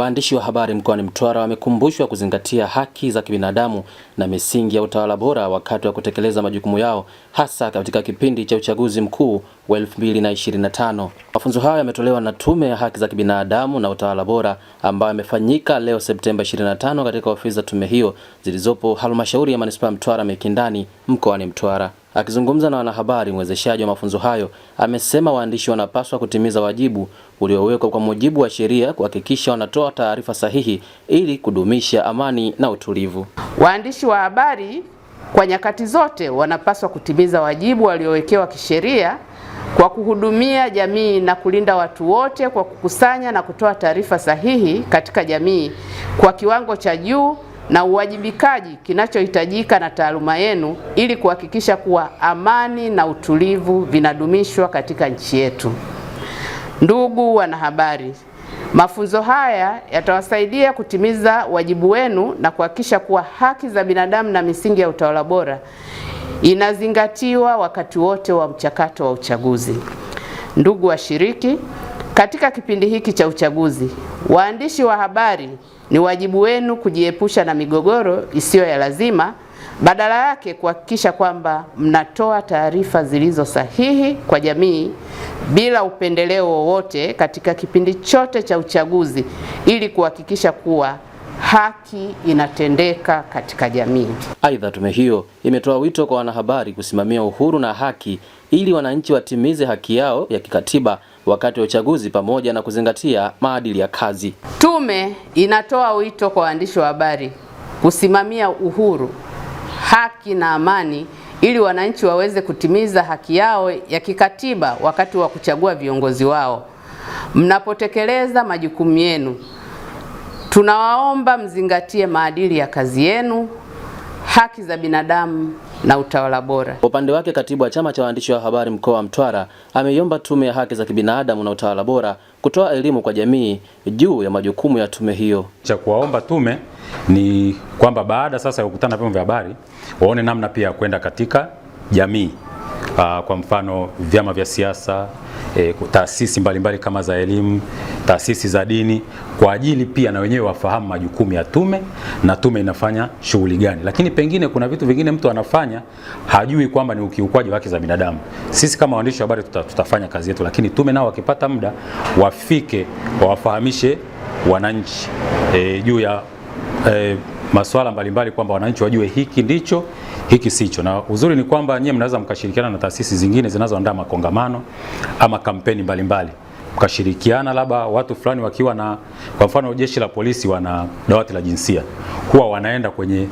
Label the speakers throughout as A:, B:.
A: Waandishi wa habari mkoani Mtwara wamekumbushwa kuzingatia haki za kibinadamu na misingi ya utawala bora wakati wa kutekeleza majukumu yao hasa katika kipindi cha uchaguzi mkuu wa 2025. Mafunzo hayo yametolewa na Tume ya Haki za Kibinadamu na Utawala Bora ambayo yamefanyika leo Septemba 25 katika ofisi za tume hiyo zilizopo halmashauri ya manispaa Mtwara Mikindani mkoani Mtwara. Akizungumza na wanahabari, mwezeshaji wa mafunzo hayo amesema waandishi wanapaswa kutimiza wajibu uliowekwa kwa mujibu wa sheria, kuhakikisha wanatoa taarifa sahihi ili kudumisha amani na utulivu.
B: Waandishi wa habari kwa nyakati zote wanapaswa kutimiza wajibu waliowekewa kisheria kwa kuhudumia jamii na kulinda watu wote kwa kukusanya na kutoa taarifa sahihi katika jamii kwa kiwango cha juu na uwajibikaji kinachohitajika na taaluma yenu ili kuhakikisha kuwa amani na utulivu vinadumishwa katika nchi yetu. Ndugu wanahabari, mafunzo haya yatawasaidia kutimiza wajibu wenu na kuhakikisha kuwa haki za binadamu na misingi ya utawala bora inazingatiwa wakati wote wa mchakato wa uchaguzi. Ndugu washiriki, katika kipindi hiki cha uchaguzi, waandishi wa habari, ni wajibu wenu kujiepusha na migogoro isiyo ya lazima, badala yake kuhakikisha kwamba mnatoa taarifa zilizo sahihi kwa jamii bila upendeleo wowote katika kipindi chote cha uchaguzi ili kuhakikisha kuwa haki inatendeka katika jamii.
A: Aidha, tume hiyo imetoa wito kwa wanahabari kusimamia uhuru na haki ili wananchi watimize haki yao ya kikatiba wakati wa uchaguzi pamoja na kuzingatia maadili ya kazi.
B: Tume inatoa wito kwa waandishi wa habari kusimamia uhuru, haki na amani ili wananchi waweze kutimiza haki yao ya kikatiba wakati wa kuchagua viongozi wao. Mnapotekeleza majukumu yenu, tunawaomba mzingatie maadili ya kazi yenu, haki za binadamu na utawala bora.
A: Kwa upande wake, katibu wa chama cha waandishi wa habari mkoa wa Mtwara ameiomba tume ya haki za kibinadamu na utawala bora kutoa elimu kwa jamii juu ya majukumu ya tume hiyo.
C: Cha kuwaomba tume ni kwamba baada sasa ya kukutana vyombo vya habari waone namna pia ya kwenda katika jamii uh, kwa mfano vyama vya siasa e, taasisi mbalimbali kama za elimu, taasisi za dini, kwa ajili pia na wenyewe wafahamu majukumu ya tume na tume inafanya shughuli gani. Lakini pengine kuna vitu vingine mtu anafanya hajui kwamba ni ukiukwaji wa haki za binadamu. Sisi kama waandishi wa habari tuta, tutafanya kazi yetu, lakini tume nao wakipata muda wafike wawafahamishe wananchi e, juu ya e, masuala mbalimbali, kwamba wananchi wajue hiki ndicho, hiki sicho. Na uzuri ni kwamba nyie mnaweza mkashirikiana na taasisi zingine zinazoandaa makongamano ama kampeni mbalimbali mkashirikiana labda watu fulani wakiwa na, kwa mfano jeshi la polisi wana dawati la jinsia, huwa wanaenda kwenye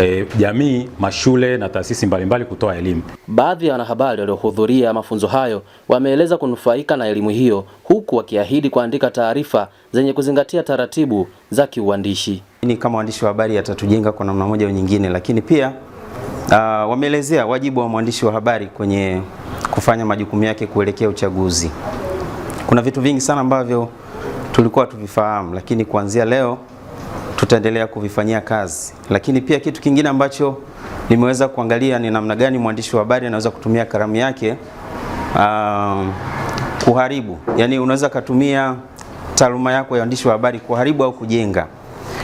C: e, jamii, mashule na taasisi mbalimbali kutoa elimu.
A: Baadhi ya wanahabari waliohudhuria mafunzo hayo wameeleza kunufaika na elimu hiyo, huku wakiahidi kuandika taarifa zenye kuzingatia taratibu za kiuandishi ni kama waandishi wa habari yatatujenga kwa namna moja au nyingine, lakini pia uh, wameelezea wajibu wa mwandishi wa habari kwenye kufanya majukumu yake kuelekea uchaguzi. Kuna vitu vingi sana ambavyo tulikuwa tuvifahamu, lakini kuanzia leo tutaendelea kuvifanyia kazi. Lakini pia kitu kingine ambacho nimeweza kuangalia ni namna gani mwandishi wa habari anaweza kutumia kalamu yake uh, kuharibu, yani unaweza katumia taaluma yako ya uandishi wa habari kuharibu au kujenga.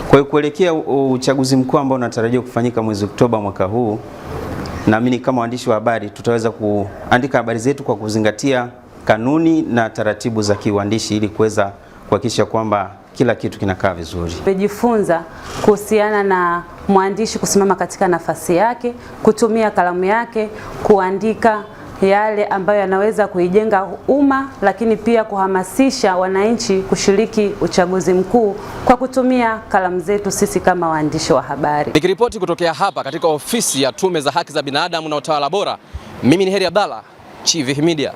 A: Kwa hiyo kuelekea uchaguzi mkuu ambao unatarajiwa kufanyika mwezi Oktoba mwaka huu,
D: naamini kama waandishi wa habari tutaweza kuandika habari zetu kwa kuzingatia kanuni na taratibu za kiuandishi ili kuweza kuhakikisha kwamba kila kitu kinakaa vizuri. Tumejifunza kuhusiana na mwandishi kusimama katika nafasi yake, kutumia kalamu yake kuandika
A: yale ambayo yanaweza kuijenga umma, lakini pia kuhamasisha wananchi kushiriki uchaguzi mkuu kwa kutumia kalamu zetu sisi kama waandishi wa habari. Nikiripoti kutokea hapa katika ofisi ya Tume za Haki za Binadamu na Utawala Bora, mimi ni Heri Abdalla, Chivihi Media.